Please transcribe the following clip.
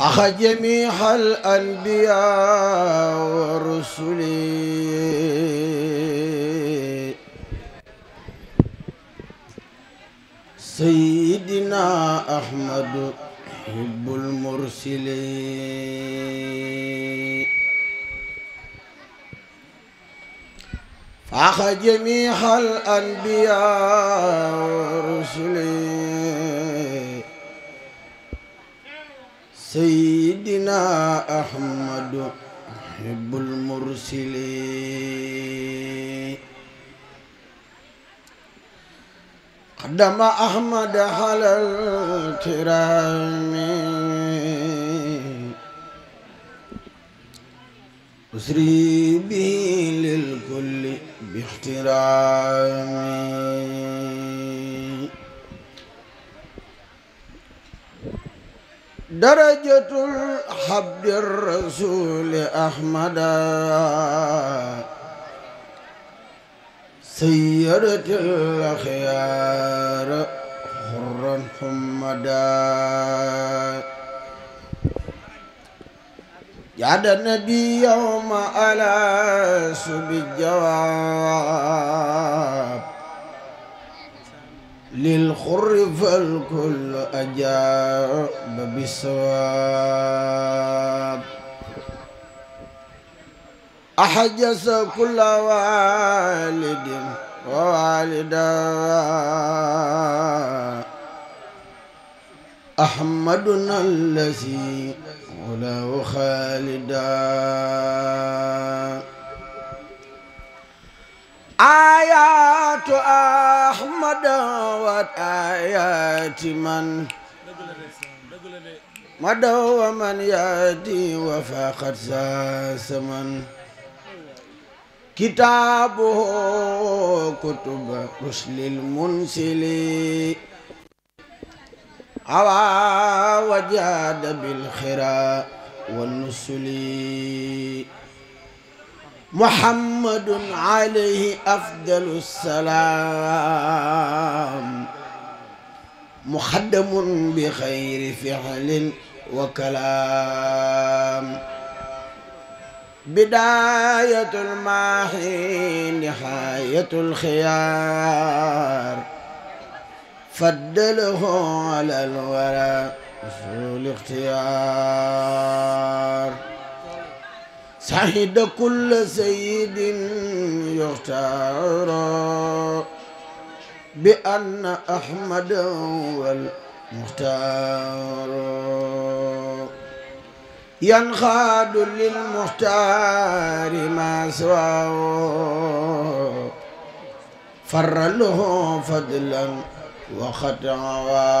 أخ جميع الأنبياء والرسل سيدنا أحمد حب المرسلين أخ جميع الأنبياء سيدنا أحمد حب المرسلين قدم أحمد على الكرام أسري به للكل باحترامي darajatul habdir rasuli ahmada sayyaratil akhyar hurran humada جعل النبي يوم ألاس بالجواب للخر فالكل أجاب بالصواب أحجس كل والد ووالدا أحمدنا الذي ولو خالدا آيات آيات أحمد وآيات من مدى ومن يهدي وفقد ساسما كتابه كتب رسل المنسل عوى وجاد بالخراء والنسل محمد عليه أفضل السلام مخدم بخير فعل وكلام بداية الماحي نهاية الخيار فدله على الورى وفي الاختيار سعيد كل سيد يختار بأن أحمد والمختار ينخاد للمختار ما سواه فر له فضلا وخطعا